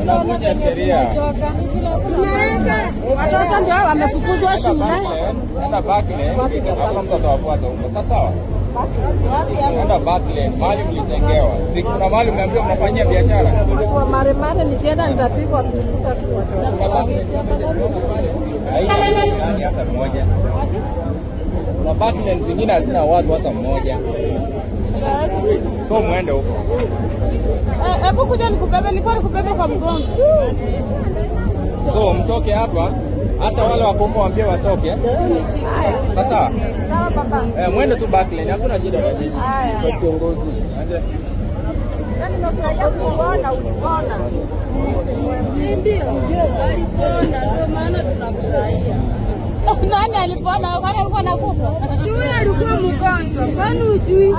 tunaweka watoto ndio wamefukuzwa shule. Nenda Barclay, hakuna mtu atawafuata huko. Sasa sawa, nenda Barclay mali mlitengewa, si kuna mali mmeambiwa mnafanyia biashara. Kwa maremare nikienda nitapigwa hata mmoja na apartment zingine hazina watu hata mmoja, so mwende huko. Eh, hebu kuja nikubebe, nilikuwa nikubebe kwa mgongo. So mtoke hapa, hata wale wako huko waambie watoke. Sawa baba, eh, mwende tu lane, hatuna shida na jiji kwa kiongozi. aje yaani kuona ulipona, ndio? ndio maana tunafurahi mahali alipoona, kwani alikuwa anakufa? Si huyo alikuwa mgonjwa, kwani hujui?